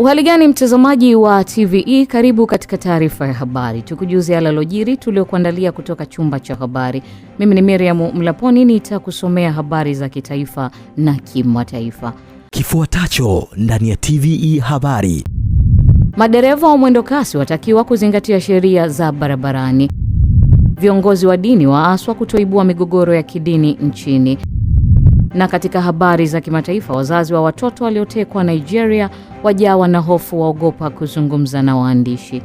Uhali gani mtazamaji wa TVE, karibu katika taarifa ya habari, tukujuze alalojiri tuliokuandalia kutoka chumba cha habari. Mimi ni Miriam Mlaponi, nitakusomea habari za kitaifa na kimataifa kifuatacho ndani ya TVE habari. Madereva wa mwendokasi watakiwa kuzingatia sheria za barabarani. Viongozi wa dini waaswa kutoibua migogoro ya kidini nchini. Na katika habari za kimataifa, wazazi wa watoto waliotekwa Nigeria wajawa na hofu, waogopa kuzungumza na waandishi.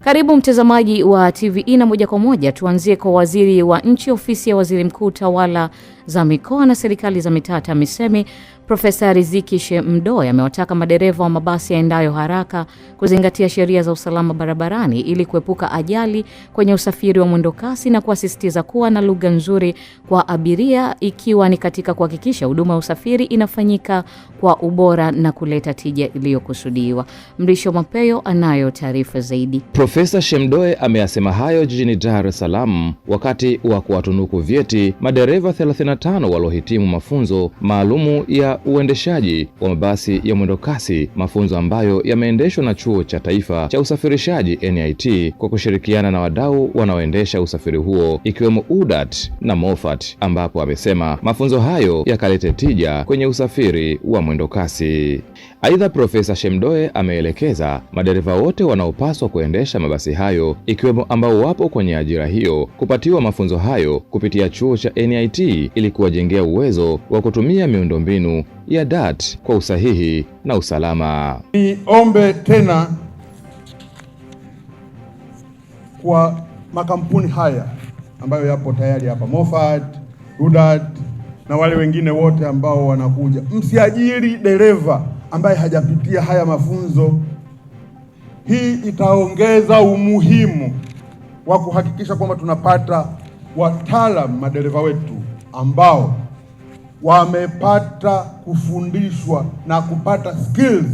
Karibu mtazamaji wa TVE na moja kwa moja, tuanzie kwa waziri wa nchi ofisi ya waziri mkuu, tawala za mikoa na serikali za mitaa TAMISEMI, Profesa Riziki Shemdoe amewataka madereva wa mabasi yaendayo haraka kuzingatia sheria za usalama barabarani ili kuepuka ajali kwenye usafiri wa mwendokasi na kuasisitiza kuwa na lugha nzuri kwa abiria ikiwa ni katika kuhakikisha huduma ya usafiri inafanyika kwa ubora na kuleta tija iliyokusudiwa. Mrisho Mapeyo anayo taarifa zaidi. Profesa Shemdoe ameyasema hayo jijini Dar es Salaam wakati wa kuwatunuku vyeti madereva 25 waliohitimu mafunzo maalumu ya uendeshaji wa mabasi ya mwendokasi, mafunzo ambayo yameendeshwa na Chuo cha Taifa cha Usafirishaji NIT kwa kushirikiana na wadau wanaoendesha usafiri huo ikiwemo UDAT na MOFAT, ambapo amesema mafunzo hayo yakalete tija kwenye usafiri wa mwendokasi. Aidha, Profesa Shemdoe ameelekeza madereva wote wanaopaswa kuendesha mabasi hayo ikiwemo ambao wapo kwenye ajira hiyo kupatiwa mafunzo hayo kupitia chuo cha NIT ili kuwajengea uwezo wa kutumia miundombinu ya DART kwa usahihi na usalama. Niombe tena kwa makampuni haya ambayo yapo tayari hapa Moffat, Rudat na wale wengine wote ambao wanakuja, msiajiri dereva ambaye hajapitia haya mafunzo. Hii itaongeza umuhimu wa kuhakikisha kwamba tunapata wataalam madereva wetu ambao wamepata kufundishwa na kupata skills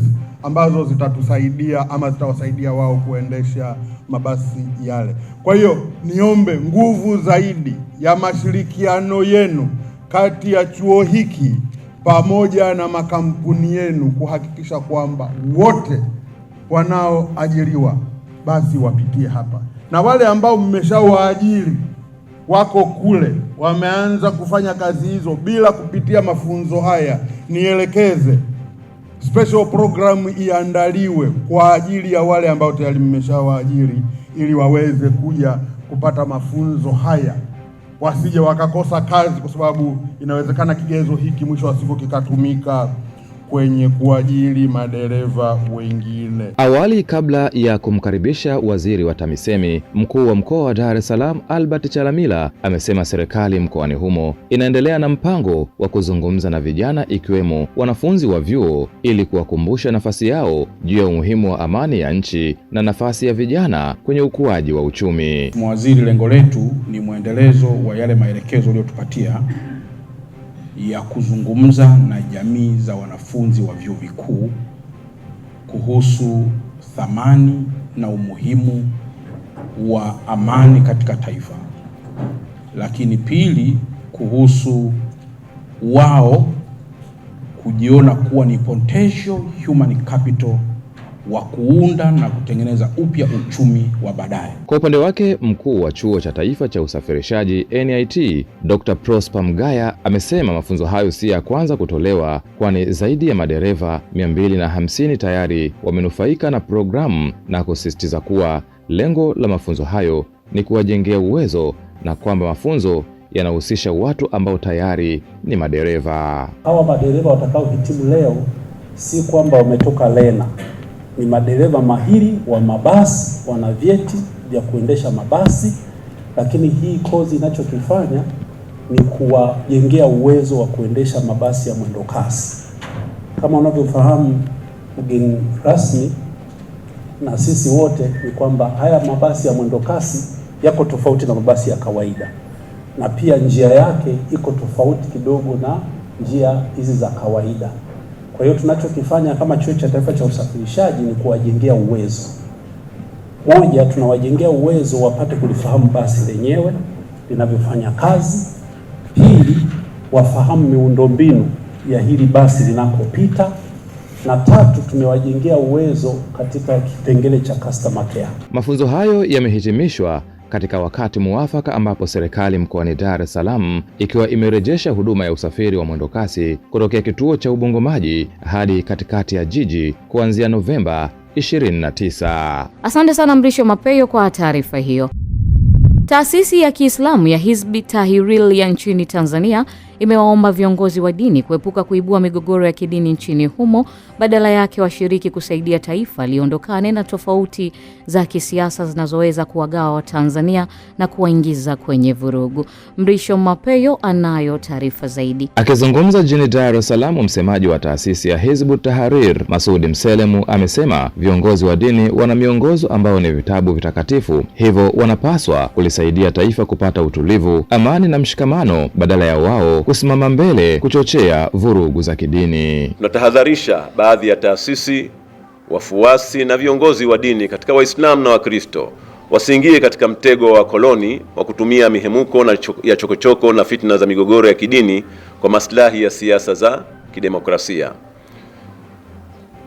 ambazo zitatusaidia ama zitawasaidia wao kuendesha mabasi yale. Kwa hiyo niombe nguvu zaidi ya mashirikiano yenu kati ya chuo hiki pamoja na makampuni yenu kuhakikisha kwamba wote wanaoajiriwa basi wapitie hapa, na wale ambao mmeshawaajiri wako kule wameanza kufanya kazi hizo bila kupitia mafunzo haya, nielekeze special program iandaliwe kwa ajili ya wale ambao tayari mmeshawaajiri ili waweze kuja kupata mafunzo haya wasije wakakosa kazi, kwa sababu inawezekana kigezo hiki mwisho wa siku kikatumika kwenye kuajiri madereva wengine. Awali, kabla ya kumkaribisha waziri wa TAMISEMI, mkuu wa mkoa wa Dar es Salaam Albert Chalamila amesema serikali mkoani humo inaendelea na mpango wa kuzungumza na vijana ikiwemo wanafunzi wa vyuo ili kuwakumbusha nafasi yao juu ya umuhimu wa amani ya nchi na nafasi ya vijana kwenye ukuaji wa uchumi. Mwaziri, lengo letu ni mwendelezo wa yale maelekezo uliyotupatia ya kuzungumza na jamii za wanafunzi wa vyuo vikuu kuhusu thamani na umuhimu wa amani katika taifa, lakini pili, kuhusu wao kujiona kuwa ni potential human capital wa kuunda na kutengeneza upya uchumi wa baadaye. Kwa upande wake, mkuu wa Chuo cha Taifa cha Usafirishaji NIT, Dr. Prosper Mgaya amesema mafunzo hayo si ya kwanza kutolewa, kwani zaidi ya madereva 250 tayari wamenufaika na programu na kusisitiza kuwa lengo la mafunzo hayo ni kuwajengea uwezo na kwamba mafunzo yanahusisha watu ambao tayari ni madereva. Hawa madereva watakaohitimu leo si kwamba wametoka Lena ni madereva mahiri wa mabasi, wana vyeti vya kuendesha mabasi, lakini hii kozi inachokifanya ni kuwajengea uwezo wa kuendesha mabasi ya mwendo kasi. Kama unavyofahamu mgeni rasmi na sisi wote, ni kwamba haya mabasi ya mwendo kasi yako tofauti na mabasi ya kawaida, na pia njia yake iko tofauti kidogo na njia hizi za kawaida. Kwa hiyo tunachokifanya kama Chuo cha Taifa cha Usafirishaji ni kuwajengea uwezo. Moja, tunawajengea uwezo wapate kulifahamu basi lenyewe linavyofanya kazi. Pili, wafahamu miundombinu ya hili basi linakopita, na tatu, tumewajengea uwezo katika kipengele cha customer care. Mafunzo hayo yamehitimishwa katika wakati muafaka ambapo serikali mkoani Dar es Salaam ikiwa imerejesha huduma ya usafiri wa mwendokasi kutokea kituo cha Ubungo Maji hadi katikati ya jiji kuanzia Novemba 29. Asante sana Mrisho Mapeyo kwa taarifa hiyo. Taasisi ya Kiislamu ya Hizbi Tahiril ya nchini Tanzania imewaomba viongozi wa dini kuepuka kuibua migogoro ya kidini nchini humo, badala yake washiriki kusaidia taifa liondokane na tofauti za kisiasa zinazoweza kuwagawa Watanzania na kuwaingiza kwenye vurugu. Mrisho Mapeyo anayo taarifa zaidi. Akizungumza jijini Dar es Salaam, msemaji wa taasisi ya hizbu Tahrir Masudi Mselemu amesema viongozi wa dini wana miongozo ambayo ni vitabu vitakatifu, hivyo wanapaswa kulisaidia taifa kupata utulivu, amani na mshikamano badala ya wao kusimama mbele kuchochea vurugu za kidini. Tunatahadharisha baadhi ya taasisi, wafuasi na viongozi wa dini katika Waislamu na Wakristo wasiingie katika mtego wa wakoloni wa kutumia mihemuko na cho ya chokochoko na fitna za migogoro ya kidini kwa maslahi ya siasa za kidemokrasia.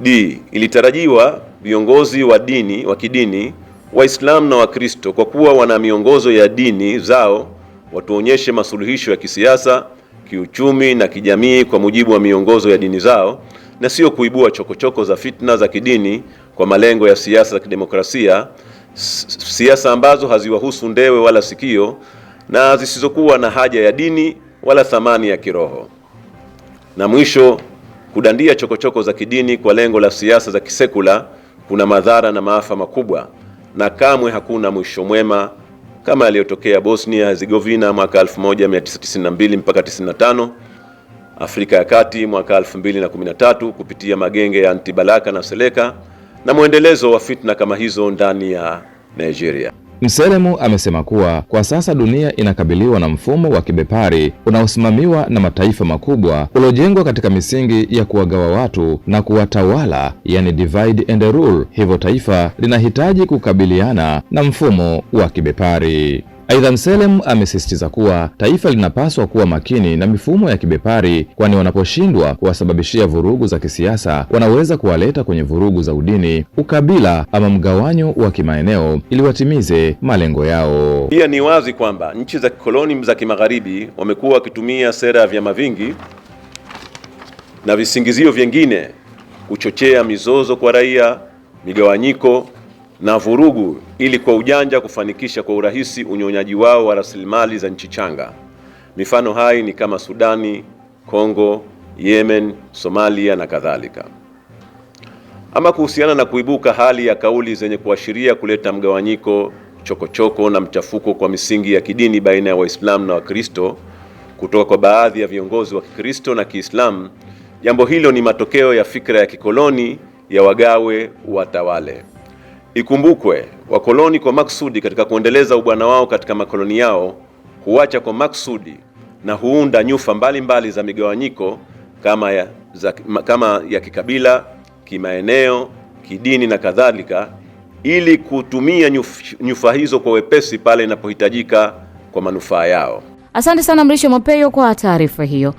D. Ilitarajiwa viongozi wa dini wa kidini Waislamu na Wakristo kwa kuwa wana miongozo ya dini zao watuonyeshe masuluhisho ya kisiasa kiuchumi na kijamii kwa mujibu wa miongozo ya dini zao na sio kuibua chokochoko za fitna za kidini kwa malengo ya siasa za kidemokrasia, siasa ambazo haziwahusu ndewe wala sikio na zisizokuwa na haja ya dini wala thamani ya kiroho. Na mwisho, kudandia chokochoko za kidini kwa lengo la siasa za kisekula kuna madhara na maafa makubwa, na kamwe hakuna mwisho mwema kama yaliyotokea Bosnia Herzegovina mwaka 1992 mpaka 95, Afrika ya Kati mwaka 2013 kupitia magenge ya Antibalaka na Seleka na mwendelezo wa fitna kama hizo ndani ya Nigeria. Mselemu amesema kuwa kwa sasa dunia inakabiliwa na mfumo wa kibepari unaosimamiwa na mataifa makubwa uliojengwa katika misingi ya kuwagawa watu na kuwatawala, yani divide and rule. Hivyo taifa linahitaji kukabiliana na mfumo wa kibepari. Aidha, Mselem amesisitiza kuwa taifa linapaswa kuwa makini na mifumo ya kibepari, kwani wanaposhindwa kuwasababishia vurugu za kisiasa wanaweza kuwaleta kwenye vurugu za udini, ukabila ama mgawanyo wa kimaeneo ili watimize malengo yao. Pia ni wazi kwamba nchi za kikoloni za kimagharibi wamekuwa wakitumia sera ya vyama vingi na visingizio vyengine kuchochea mizozo kwa raia, migawanyiko na vurugu ili kwa ujanja kufanikisha kwa urahisi unyonyaji wao wa rasilimali za nchi changa. Mifano hai ni kama Sudani, Kongo, Yemen, Somalia na kadhalika. Ama kuhusiana na kuibuka hali ya kauli zenye kuashiria kuleta mgawanyiko, chokochoko na mchafuko kwa misingi ya kidini baina ya Waislamu na Wakristo kutoka kwa baadhi ya viongozi wa Kikristo na Kiislamu, jambo hilo ni matokeo ya fikra ya kikoloni ya wagawe watawale. Ikumbukwe wakoloni kwa maksudi katika kuendeleza ubwana wao katika makoloni yao huacha kwa maksudi na huunda nyufa mbalimbali mbali za migawanyiko kama ya, za, kama ya kikabila, kimaeneo, kidini na kadhalika ili kutumia nyuf, nyufa hizo kwa wepesi pale inapohitajika kwa manufaa yao. Asante sana Mrisho Mapeyo kwa taarifa hiyo.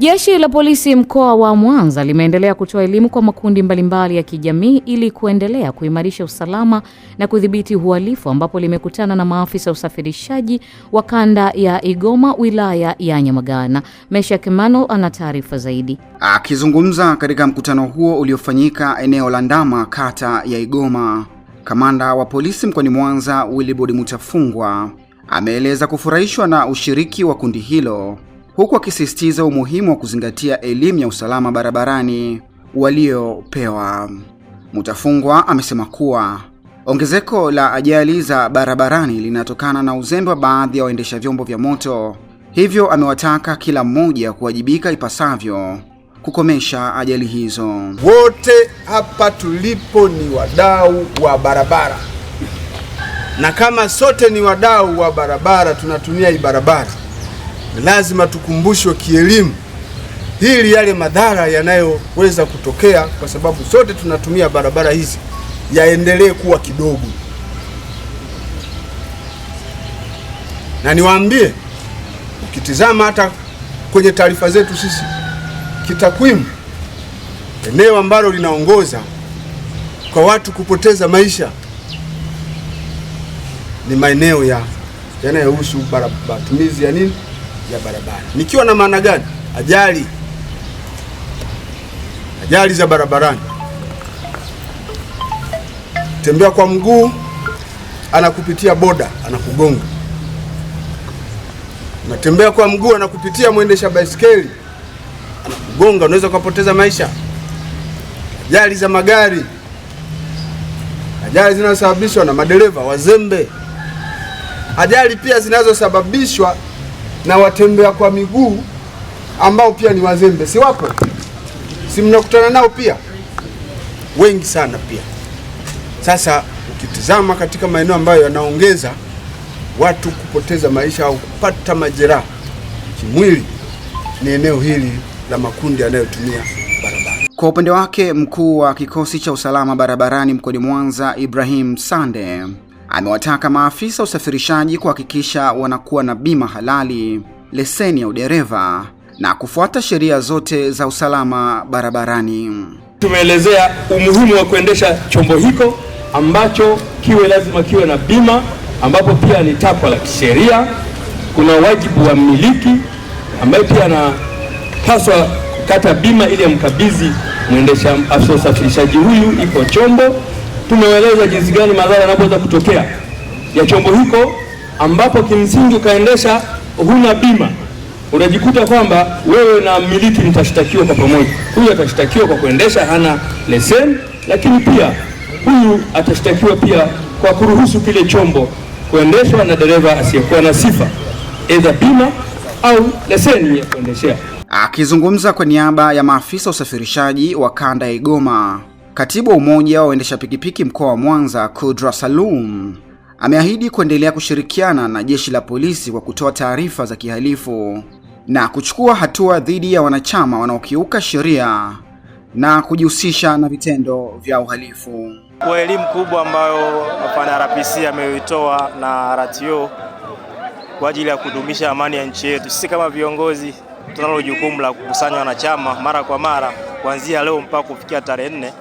Jeshi la polisi mkoa wa Mwanza limeendelea kutoa elimu kwa makundi mbalimbali ya kijamii ili kuendelea kuimarisha usalama na kudhibiti uhalifu ambapo limekutana na maafisa usafirishaji wa kanda ya Igoma wilaya ya Nyamagana. Mesha Kimano ana taarifa zaidi. Akizungumza katika mkutano huo uliofanyika eneo la Ndama kata ya Igoma, kamanda wa polisi mkoani Mwanza Willibodi Mutafungwa ameeleza kufurahishwa na ushiriki wa kundi hilo huku akisisitiza umuhimu wa kuzingatia elimu ya usalama barabarani waliopewa. Mutafungwa amesema kuwa ongezeko la ajali za barabarani linatokana na uzembe wa baadhi ya waendesha vyombo vya moto, hivyo amewataka kila mmoja kuwajibika ipasavyo kukomesha ajali hizo. Wote hapa tulipo ni wadau wa barabara, na kama sote ni wadau wa barabara, tunatumia hii barabara lazima tukumbushwe kielimu hili yale madhara yanayoweza kutokea, kwa sababu sote tunatumia barabara hizi, yaendelee kuwa kidogo. Na niwaambie, ukitizama hata kwenye taarifa zetu sisi kitakwimu, eneo ambalo linaongoza kwa watu kupoteza maisha ni maeneo ya yanayohusu matumizi ya nini ya barabara. Nikiwa na maana gani? Ajali, ajali za barabarani, tembea kwa mguu, anakupitia boda, anakugonga. Unatembea kwa mguu, anakupitia mwendesha baisikeli, anakugonga, unaweza ukapoteza maisha. Ajali za magari, ajali zinazosababishwa na madereva wazembe, ajali pia zinazosababishwa na watembea kwa miguu ambao pia ni wazembe, si wapo? Si mnakutana nao pia wengi sana pia. Sasa ukitizama katika maeneo ambayo yanaongeza watu kupoteza maisha au kupata majeraha kimwili ni eneo hili la makundi yanayotumia barabara. Kwa upande wake, mkuu wa kikosi cha usalama barabarani mkoani Mwanza, Ibrahim Sande amewataka maafisa usafirishaji kuhakikisha wanakuwa na bima halali, leseni ya udereva na kufuata sheria zote za usalama barabarani. Tumeelezea umuhimu wa kuendesha chombo hiko ambacho kiwe lazima kiwe na bima, ambapo pia ni takwa la kisheria. Kuna wajibu wa mmiliki ambaye pia anapaswa kukata bima ili amkabidhi mwendesha afisa usafirishaji huyu iko chombo tumeeleza jinsi gani madhara yanapoweza kutokea ya chombo hiko, ambapo kimsingi ukaendesha huna bima, unajikuta kwamba wewe na mmiliki mtashtakiwa kwa pamoja. Huyu atashtakiwa kwa kuendesha hana leseni, lakini pia huyu atashtakiwa pia kwa kuruhusu kile chombo kuendeshwa na dereva asiyekuwa na sifa, aidha bima au leseni ya kuendeshea. Akizungumza kwa niaba ya maafisa usafirishaji wa kanda ya Igoma Katibu wa Umoja wa Waendesha Pikipiki Mkoa wa Mwanza, Kudra Salum, ameahidi kuendelea kushirikiana na Jeshi la Polisi kwa kutoa taarifa za kihalifu na kuchukua hatua dhidi ya wanachama wanaokiuka sheria na kujihusisha na vitendo vya uhalifu. Kwa elimu kubwa ambayo afana RPC ameitoa na RTO kwa ajili ya kudumisha amani ya nchi yetu, sisi kama viongozi tunalo jukumu la kukusanya wanachama mara kwa mara kuanzia leo mpaka kufikia tarehe nne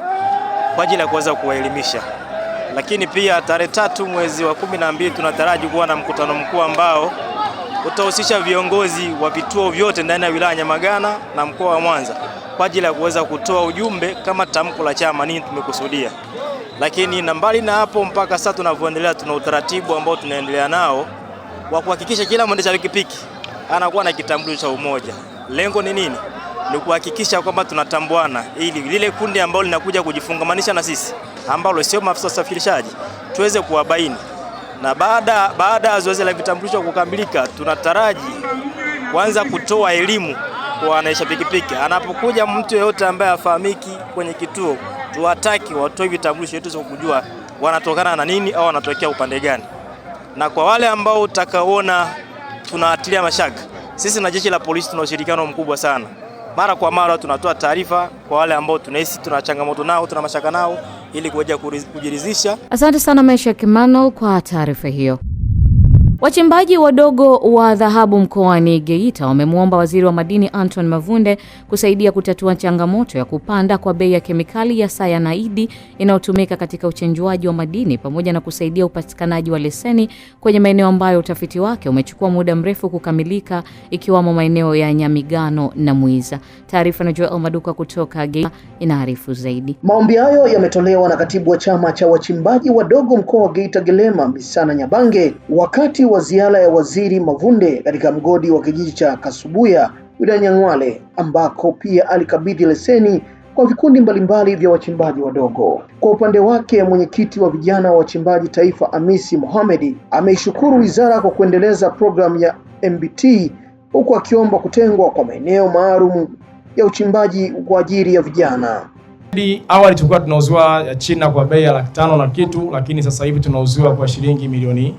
kwa ajili ya kuweza kuwaelimisha. Lakini pia tarehe tatu mwezi wa kumi na mbili tunataraji kuwa na mkutano mkuu ambao utahusisha viongozi wa vituo vyote ndani ya wilaya Nyamagana na mkoa wa Mwanza kwa ajili ya kuweza kutoa ujumbe kama tamko la chama, nini tumekusudia. Lakini na mbali na hapo, mpaka sasa tunavyoendelea, tuna utaratibu ambao tunaendelea nao wa kuhakikisha kila mwendesha pikipiki anakuwa na kitambulisho cha umoja. Lengo ni nini? ni kuhakikisha kwamba tunatambuana, ili lile kundi ambalo linakuja kujifungamanisha na sisi ambalo sio maafisa usafirishaji tuweze kuwabaini, na baada baada ya zoezi la vitambulisho kukamilika, tunataraji kuanza kutoa elimu kwa wanaisha pikipiki. Anapokuja mtu yeyote ambaye afahamiki kwenye kituo, tuwataki watoe vitambulisho yetu za kujua wanatokana na nini au wanatokea upande gani. Na kwa wale ambao utakaona tunaatilia mashaka, sisi na jeshi la polisi tuna ushirikiano mkubwa sana mara kwa mara tunatoa taarifa kwa wale ambao tunahisi tuna changamoto nao, tuna mashaka nao ili kuweza kujiridhisha. Asante sana Meshak Emanuel kwa taarifa hiyo. Wachimbaji wadogo wa dhahabu mkoani Geita wamemwomba Waziri wa Madini Anton Mavunde kusaidia kutatua changamoto ya kupanda kwa bei ya kemikali ya sayanaidi inayotumika katika uchenjuaji wa madini pamoja na kusaidia upatikanaji wa leseni kwenye maeneo ambayo utafiti wake umechukua muda mrefu kukamilika ikiwamo maeneo ya Nyamigano na Mwiza. Taarifa na Joel Maduka kutoka Geita inaarifu zaidi. Maombi hayo yametolewa na katibu wa chama cha wachimbaji wadogo mkoa wa Geita Gelema Misana Nyabange wakati wa ziara ya Waziri Mavunde katika mgodi wa kijiji cha Kasubuya wilayani Nyang'hwale ambako pia alikabidhi leseni kwa vikundi mbalimbali vya wachimbaji wadogo. Kwa upande wake, mwenyekiti wa vijana wa wachimbaji taifa Amisi Mohamedi ameishukuru wizara kwa kuendeleza programu ya MBT huku akiomba kutengwa kwa maeneo maalum ya uchimbaji kwa ajili ya vijana. Awali tulikuwa tunauziwa China kwa bei ya laki tano na kitu, lakini sasa hivi tunauziwa kwa shilingi milioni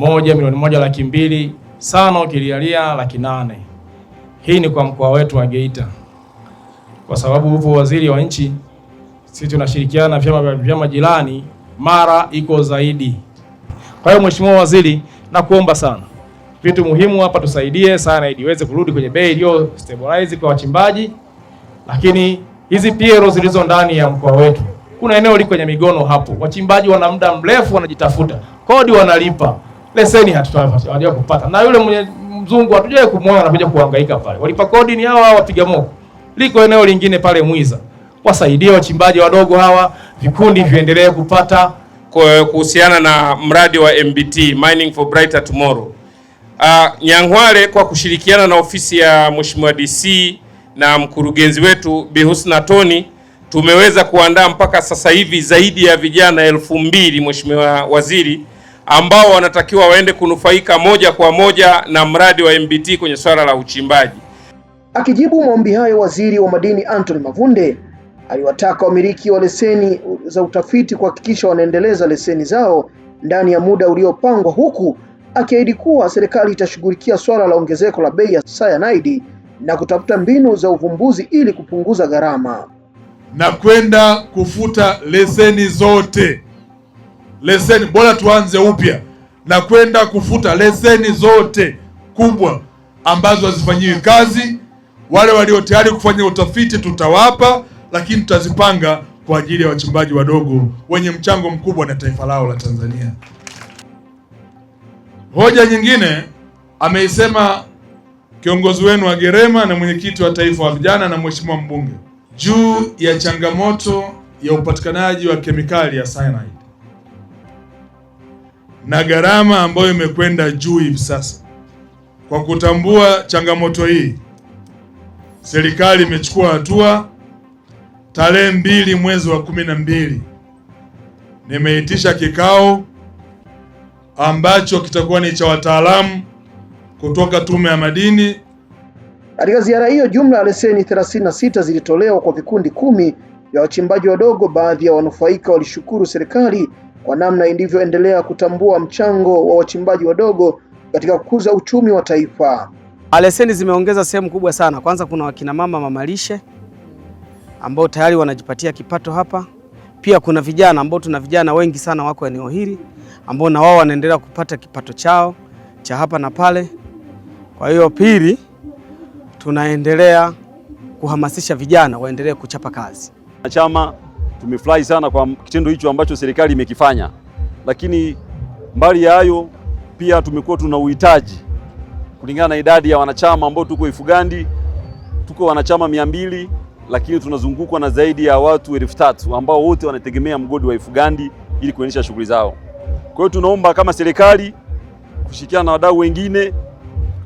moja milioni moja laki mbili sana ukilialia laki nane. Hii ni kwa mkoa wetu wa Geita, kwa sababu hupo waziri wa nchi, sisi tunashirikiana na vyama vya vyama jirani, mara iko zaidi. Kwa hiyo mheshimiwa waziri, nakuomba sana vitu muhimu hapa tusaidie sana, ili iweze kurudi kwenye bei iliyo stabilize kwa wachimbaji. Lakini hizi piero zilizo ndani ya mkoa wetu, kuna eneo liko kwenye migono hapo, wachimbaji wana muda mrefu wanajitafuta, kodi wanalipa leseni hatujawahi kupata, na yule mwenye mzungu hatujawahi kumwona anakuja kuhangaika pale. Walipa kodi ni hawa wapiga moko. Liko eneo lingine pale Mwiza, wasaidie wachimbaji wadogo hawa, vikundi viendelee kupata. Kuhusiana na mradi wa MBT Mining for Brighter Tomorrow, uh, Nyang'hwale kwa kushirikiana na ofisi ya Mheshimiwa DC na mkurugenzi wetu Bi Husna Toni tumeweza kuandaa mpaka sasa hivi zaidi ya vijana elfu mbili Mheshimiwa Waziri ambao wanatakiwa waende kunufaika moja kwa moja na mradi wa MBT kwenye swala la uchimbaji. Akijibu maombi hayo, waziri wa madini Anton Mavunde aliwataka wamiliki wa leseni za utafiti kuhakikisha wanaendeleza leseni zao ndani ya muda uliopangwa, huku akiahidi kuwa serikali itashughulikia swala la ongezeko la bei ya sayanaidi na kutafuta mbinu za uvumbuzi ili kupunguza gharama na kwenda kufuta leseni zote leseni, bora tuanze upya na kwenda kufuta leseni zote kubwa ambazo hazifanyiwi kazi. Wale walio tayari kufanya utafiti tutawapa, lakini tutazipanga kwa ajili ya wachimbaji wadogo wenye mchango mkubwa na taifa lao la Tanzania. Hoja nyingine ameisema kiongozi wenu wa Gerema na mwenyekiti wa taifa wa vijana na mheshimiwa mbunge juu ya changamoto ya upatikanaji wa kemikali ya cyanide na gharama ambayo imekwenda juu hivi sasa. Kwa kutambua changamoto hii, serikali imechukua hatua. Tarehe mbili mwezi wa kumi na mbili nimeitisha kikao ambacho kitakuwa ni cha wataalamu kutoka Tume ya Madini. Katika ziara hiyo, jumla ya leseni 36 zilitolewa kwa vikundi kumi vya wachimbaji wadogo. Baadhi ya wanufaika walishukuru serikali kwa namna ilivyoendelea kutambua mchango wa wachimbaji wadogo katika kukuza uchumi wa taifa. Leseni zimeongeza sehemu kubwa sana. Kwanza kuna wakinamama mamalishe ambao tayari wanajipatia kipato hapa. Pia kuna vijana ambao tuna vijana wengi sana wako eneo hili ambao na wao wanaendelea kupata kipato chao cha hapa na pale. Kwa hiyo pili, tunaendelea kuhamasisha vijana waendelee kuchapa kazi. Chama Tumefurahi sana kwa kitendo hicho ambacho serikali imekifanya, lakini mbali ya hayo pia tumekuwa tuna uhitaji kulingana na idadi ya wanachama ambao tuko Ifugandi, tuko wanachama mia mbili lakini tunazungukwa na zaidi ya watu elfu tatu ambao wote wanategemea mgodi wa Ifugandi ili kuendesha shughuli zao. Kwa hiyo tunaomba kama serikali kushirikiana na wadau wengine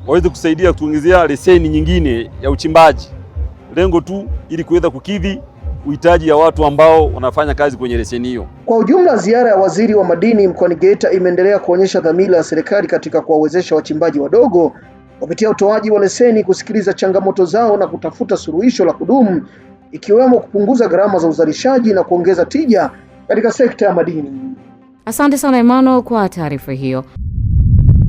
waweze kusaidia kutuongezea leseni nyingine ya uchimbaji, lengo tu ili kuweza kukidhi uhitaji ya watu ambao wanafanya kazi kwenye leseni hiyo. Kwa ujumla, ziara ya waziri wa madini mkoani Geita imeendelea kuonyesha dhamira ya serikali katika kuwawezesha wachimbaji wadogo kupitia utoaji wa leseni, kusikiliza changamoto zao na kutafuta suluhisho la kudumu, ikiwemo kupunguza gharama za uzalishaji na kuongeza tija katika sekta ya madini. Asante sana Emmanuel kwa taarifa hiyo.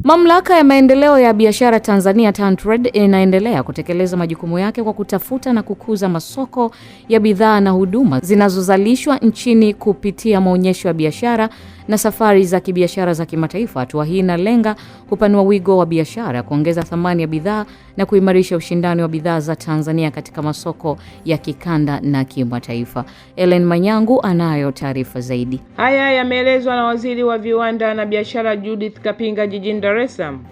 Mamlaka ya Maendeleo ya Biashara Tanzania TanTrade inaendelea kutekeleza majukumu yake kwa kutafuta na kukuza masoko ya bidhaa na huduma zinazozalishwa nchini kupitia maonyesho ya biashara na safari za kibiashara za kimataifa. Hatua hii inalenga kupanua wigo wa biashara, kuongeza thamani ya bidhaa na kuimarisha ushindani wa bidhaa za Tanzania katika masoko ya kikanda na kimataifa. Ellen Manyangu anayo taarifa zaidi. Haya yameelezwa na Waziri wa Viwanda na Biashara Judith Kapinga jijini Dar es Salaam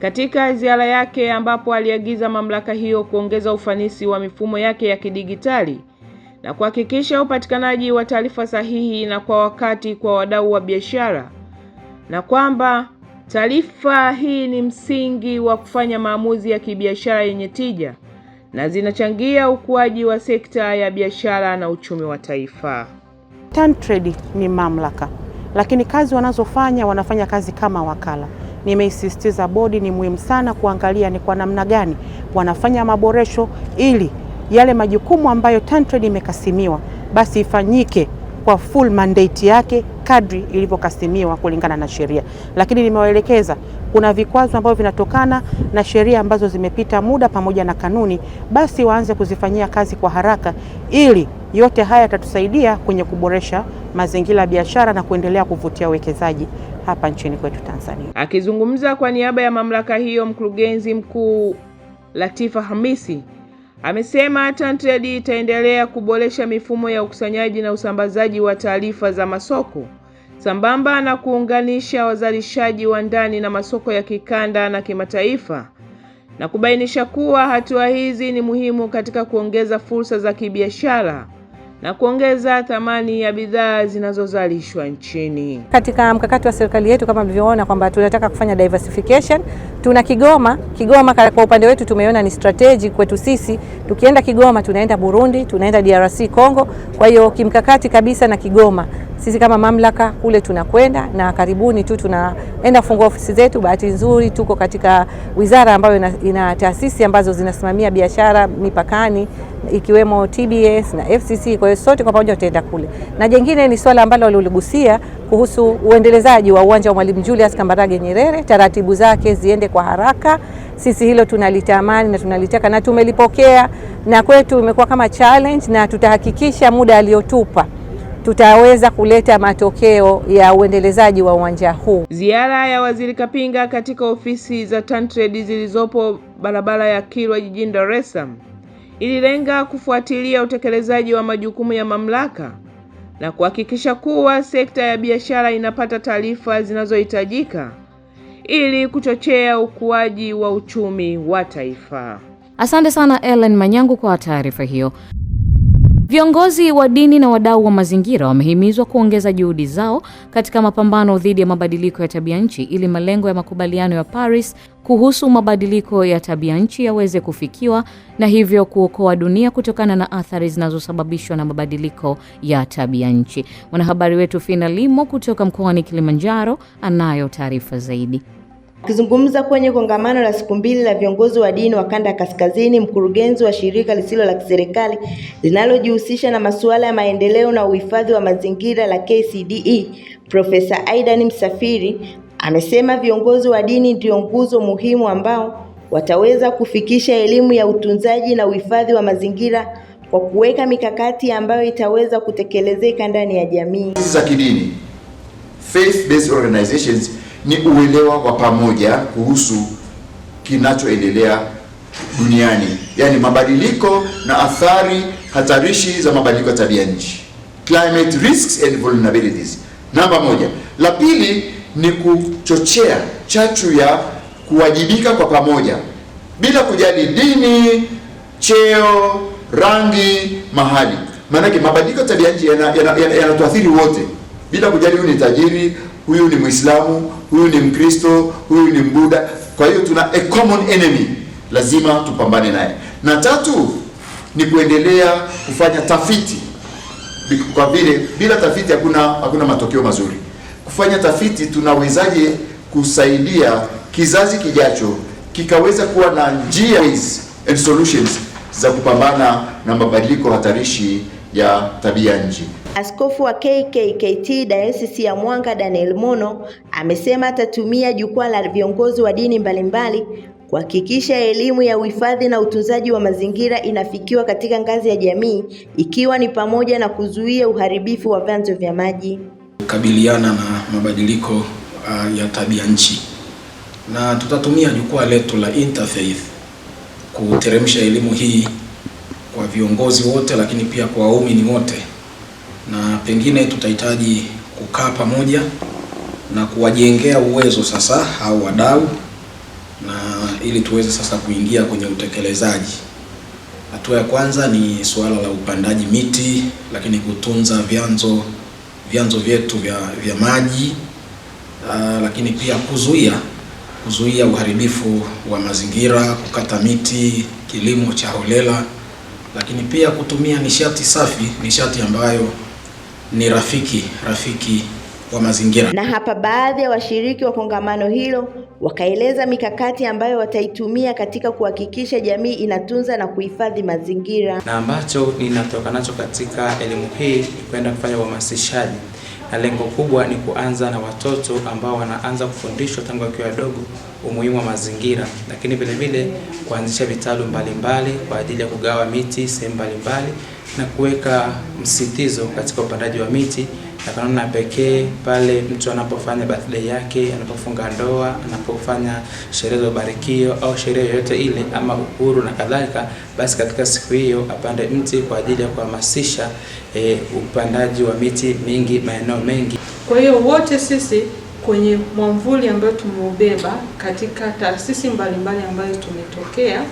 katika ziara yake ambapo aliagiza mamlaka hiyo kuongeza ufanisi wa mifumo yake ya kidigitali na kuhakikisha upatikanaji wa taarifa sahihi na kwa wakati kwa wadau wa biashara, na kwamba taarifa hii ni msingi wa kufanya maamuzi ya kibiashara yenye tija na zinachangia ukuaji wa sekta ya biashara na uchumi wa taifa. TanTrade ni mamlaka, lakini kazi wanazofanya wanafanya kazi kama wakala. Nimeisisitiza bodi ni muhimu sana kuangalia ni kwa namna gani wanafanya maboresho ili yale majukumu ambayo TanTrade imekasimiwa basi ifanyike kwa full mandate yake kadri ilivyokasimiwa kulingana na sheria. Lakini nimewaelekeza kuna vikwazo ambavyo vinatokana na sheria ambazo zimepita muda pamoja na kanuni, basi waanze kuzifanyia kazi kwa haraka, ili yote haya yatatusaidia kwenye kuboresha mazingira ya biashara na kuendelea kuvutia uwekezaji hapa nchini kwetu Tanzania. Akizungumza kwa niaba ya mamlaka hiyo, mkurugenzi mkuu Latifa Hamisi Amesema TanTrade itaendelea kuboresha mifumo ya ukusanyaji na usambazaji wa taarifa za masoko sambamba na kuunganisha wazalishaji wa ndani na masoko ya kikanda na kimataifa na kubainisha kuwa hatua hizi ni muhimu katika kuongeza fursa za kibiashara na kuongeza thamani ya bidhaa zinazozalishwa nchini. Katika mkakati wa serikali yetu kama mlivyoona kwamba tunataka kufanya diversification, tuna Kigoma. Kigoma kwa upande wetu tumeona ni strategy kwetu sisi, tukienda Kigoma tunaenda Burundi, tunaenda DRC Congo, kwa hiyo kimkakati kabisa na Kigoma sisi kama mamlaka kule tunakwenda na karibuni tu tunaenda kufungua ofisi zetu. Bahati nzuri tuko katika wizara ambayo ina, ina taasisi ambazo zinasimamia biashara mipakani ikiwemo TBS na FCC. Kwa hiyo sote kwa pamoja tutaenda kule, na jengine ni swala ambalo waliligusia kuhusu uendelezaji wa uwanja wa Mwalimu Julius Kambarage Nyerere, taratibu zake ziende kwa haraka. Sisi hilo tunalitamani na tunalitaka na tumelipokea, na kwetu imekuwa kama challenge, na tutahakikisha muda aliotupa tutaweza kuleta matokeo ya uendelezaji wa uwanja huu. Ziara ya Waziri Kapinga katika ofisi za TanTrade zilizopo barabara ya Kilwa jijini Dar es Salaam ililenga kufuatilia utekelezaji wa majukumu ya mamlaka na kuhakikisha kuwa sekta ya biashara inapata taarifa zinazohitajika ili kuchochea ukuaji wa uchumi wa taifa. Asante sana Ellen Manyangu kwa taarifa hiyo. Viongozi wa dini na wadau wa mazingira wamehimizwa kuongeza juhudi zao katika mapambano dhidi ya mabadiliko ya tabia nchi ili malengo ya makubaliano ya Paris kuhusu mabadiliko ya tabia nchi yaweze kufikiwa na hivyo kuokoa dunia kutokana na athari zinazosababishwa na mabadiliko ya tabia nchi. Mwanahabari wetu Fina Limo kutoka mkoani Kilimanjaro anayo taarifa zaidi. Akizungumza kwenye kongamano la siku mbili la viongozi wa dini wa kanda ya kaskazini, mkurugenzi wa shirika lisilo la kiserikali linalojihusisha na masuala ya maendeleo na uhifadhi wa mazingira la KCDE, Profesa Aidan Msafiri amesema viongozi wa dini ndio nguzo muhimu ambao wataweza kufikisha elimu ya utunzaji na uhifadhi wa mazingira kwa kuweka mikakati ambayo itaweza kutekelezeka ndani ya jamii za kidini faith based organizations ni uelewa wa pamoja kuhusu kinachoendelea duniani, yaani mabadiliko na athari hatarishi za mabadiliko ya tabia nchi, climate risks and vulnerabilities. Namba moja. La pili ni kuchochea chachu ya kuwajibika kwa pamoja bila kujali dini, cheo, rangi, mahali. Maanake mabadiliko ya tabia nchi yanatuathiri yana, yana, yana wote bila kujali huyu ni tajiri huyu ni Muislamu, huyu ni Mkristo, huyu ni Mbuda. Kwa hiyo tuna a common enemy, lazima tupambane naye. Na tatu ni kuendelea kufanya tafiti, kwa vile bila tafiti hakuna hakuna matokeo mazuri. Kufanya tafiti, tunawezaje kusaidia kizazi kijacho kikaweza kuwa na njia and solutions za kupambana na mabadiliko hatarishi ya tabia nchi. Askofu wa KKKT Dayosisi ya Mwanga Daniel Mono amesema atatumia jukwaa la viongozi wa dini mbalimbali kuhakikisha elimu ya uhifadhi na utunzaji wa mazingira inafikiwa katika ngazi ya jamii ikiwa ni pamoja na kuzuia uharibifu wa vyanzo vya maji, kukabiliana na mabadiliko uh, ya tabia nchi, na tutatumia jukwaa letu la interfaith kuteremsha elimu hii kwa viongozi wote, lakini pia kwa waumini wote na pengine tutahitaji kukaa pamoja na kuwajengea uwezo sasa au wadau, na ili tuweze sasa kuingia kwenye utekelezaji. Hatua ya kwanza ni suala la upandaji miti, lakini kutunza vyanzo vyanzo vyetu vya, vya maji uh, lakini pia kuzuia kuzuia uharibifu wa mazingira, kukata miti, kilimo cha holela, lakini pia kutumia nishati safi, nishati ambayo ni rafiki rafiki wa mazingira. Na hapa baadhi ya washiriki wa kongamano hilo wakaeleza mikakati ambayo wataitumia katika kuhakikisha jamii inatunza na kuhifadhi mazingira. Na ambacho ninatoka nacho katika elimu hii ni kwenda kufanya uhamasishaji, na lengo kubwa ni kuanza na watoto ambao wanaanza kufundishwa tangu wakiwa wadogo umuhimu wa mazingira, lakini vilevile kuanzisha vitalu mbalimbali kwa ajili ya kugawa miti sehemu mbalimbali na kuweka msitizo katika upandaji wa miti na kwa pekee pale mtu anapofanya birthday yake, anapofunga ndoa, anapofanya sherehe za ubarikio au sherehe yoyote ile ama uhuru na kadhalika, basi katika siku hiyo apande mti kwa ajili ya kuhamasisha e, upandaji wa miti mingi maeneo mengi. Kwa hiyo wote sisi kwenye mwamvuli ambayo tumeubeba katika taasisi mbalimbali ambayo tumetokea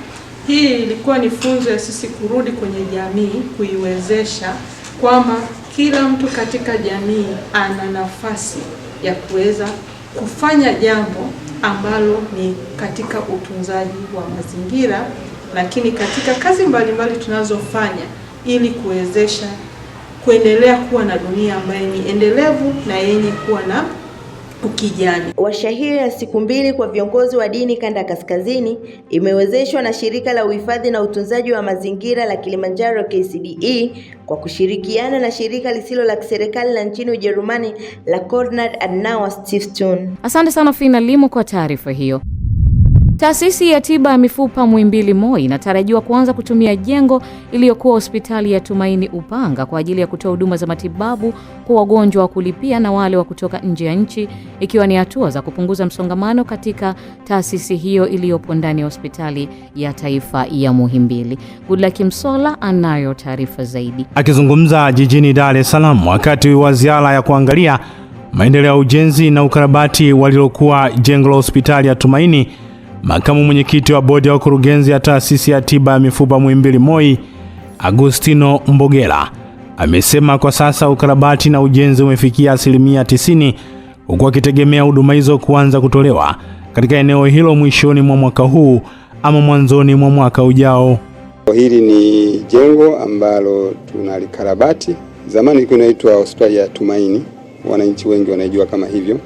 hii ilikuwa ni funzo ya sisi kurudi kwenye jamii, kuiwezesha kwamba kila mtu katika jamii ana nafasi ya kuweza kufanya jambo ambalo ni katika utunzaji wa mazingira, lakini katika kazi mbalimbali tunazofanya ili kuwezesha kuendelea kuwa na dunia ambayo ni endelevu na yenye kuwa na ukijani. Warsha hiyo ya siku mbili kwa viongozi wa dini kanda ya kaskazini imewezeshwa na shirika la uhifadhi na utunzaji wa mazingira la Kilimanjaro KCDE kwa kushirikiana na shirika lisilo la kiserikali la nchini Ujerumani la Konrad Adenauer Stiftung. Asante sana Fina Limo kwa taarifa hiyo. Taasisi ya tiba ya mifupa Muhimbili MOI inatarajiwa kuanza kutumia jengo iliyokuwa hospitali ya Tumaini Upanga kwa ajili ya kutoa huduma za matibabu kwa wagonjwa wa kulipia na wale wa kutoka nje ya nchi, ikiwa ni hatua za kupunguza msongamano katika taasisi hiyo iliyopo ndani ya hospitali ya taifa ya Muhimbili. Goodluck Msola anayo taarifa zaidi. Akizungumza jijini Dar es Salaam wakati wa ziara ya kuangalia maendeleo ya ujenzi na ukarabati walilokuwa jengo la hospitali ya Tumaini Makamu mwenyekiti wa bodi ya wakurugenzi ya taasisi ya tiba ya mifupa Muhimbili MOI, Agustino Mbogela amesema kwa sasa ukarabati na ujenzi umefikia asilimia 90 huku akitegemea huduma hizo kuanza kutolewa katika eneo hilo mwishoni mwa mwaka huu ama mwanzoni mwa mwaka ujao. Hili ni jengo ambalo tunalikarabati. Zamani ilikuwa inaitwa hospitali ya Tumaini, wananchi wengi wanaijua kama hivyo.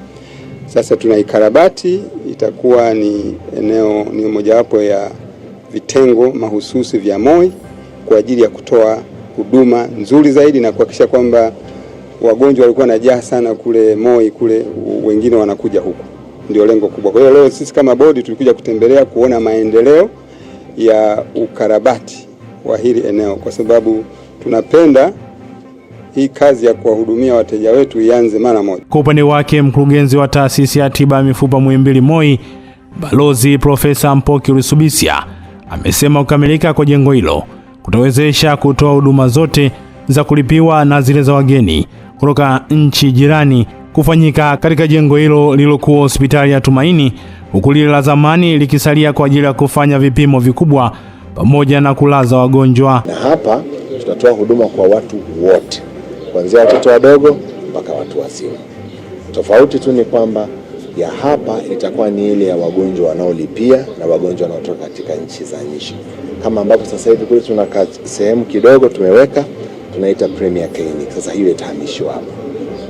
Sasa tunaikarabati, itakuwa ni eneo ni mojawapo ya vitengo mahususi vya MOI kwa ajili ya kutoa huduma nzuri zaidi na kuhakikisha kwamba wagonjwa walikuwa jaa sana kule MOI kule, wengine wanakuja huku, ndio lengo kubwa. Kwa hiyo leo sisi kama bodi tulikuja kutembelea kuona maendeleo ya ukarabati wa hili eneo kwa sababu tunapenda hii kazi ya kuwahudumia wateja wetu ianze mara moja. Kwa upande wake, mkurugenzi wa taasisi ya tiba ya mifupa Muhimbili MOI Balozi Profesa Mpoki Ulisubisya amesema kukamilika kwa jengo hilo kutawezesha kutoa huduma zote za kulipiwa na zile za wageni kutoka nchi jirani kufanyika katika jengo hilo lililokuwa hospitali ya Tumaini, huku lile la zamani likisalia kwa ajili ya kufanya vipimo vikubwa pamoja na kulaza wagonjwa. Na hapa tutatoa huduma kwa watu wote kuanzia watoto wadogo mpaka watu wazima. Tofauti tu ni kwamba ya hapa itakuwa ni ile ya wagonjwa wanaolipia na wagonjwa wanaotoka katika nchi za nje, kama ambapo sasa hivi kule tuna sehemu kidogo tumeweka tunaita Premier Clinic. Sasa hiyo itahamishwa hapa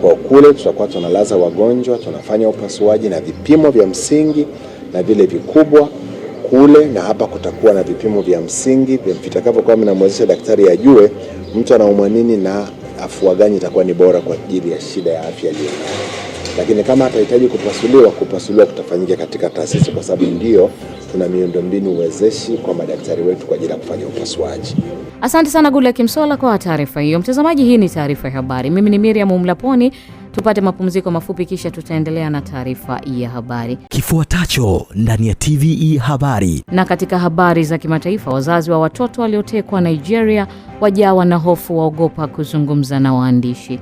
kwa kule, tutakuwa tunalaza wagonjwa, tunafanya upasuaji na vipimo vya msingi na vile vikubwa kule, na hapa kutakuwa na vipimo vya msingi vitakavyokuwa vinamwezesha daktari ajue mtu anaumwa nini na afua gani itakuwa ni bora kwa ajili ya shida ya afya aliyonayo, lakini kama atahitaji kupasuliwa, kupasuliwa kutafanyika katika taasisi, kwa sababu ndio tuna miundombinu uwezeshi kwa madaktari wetu kwa ajili ya kufanya upasuaji. Asante sana Gula Kimsola kwa taarifa hiyo. Mtazamaji, hii ni taarifa ya habari. Mimi ni Miriam Mlaponi. Tupate mapumziko mafupi, kisha tutaendelea na taarifa ya habari kifuatacho ndani ya TVE Habari. Na katika habari za kimataifa, wazazi wa watoto waliotekwa Nigeria wajawa na hofu, waogopa kuzungumza na waandishi.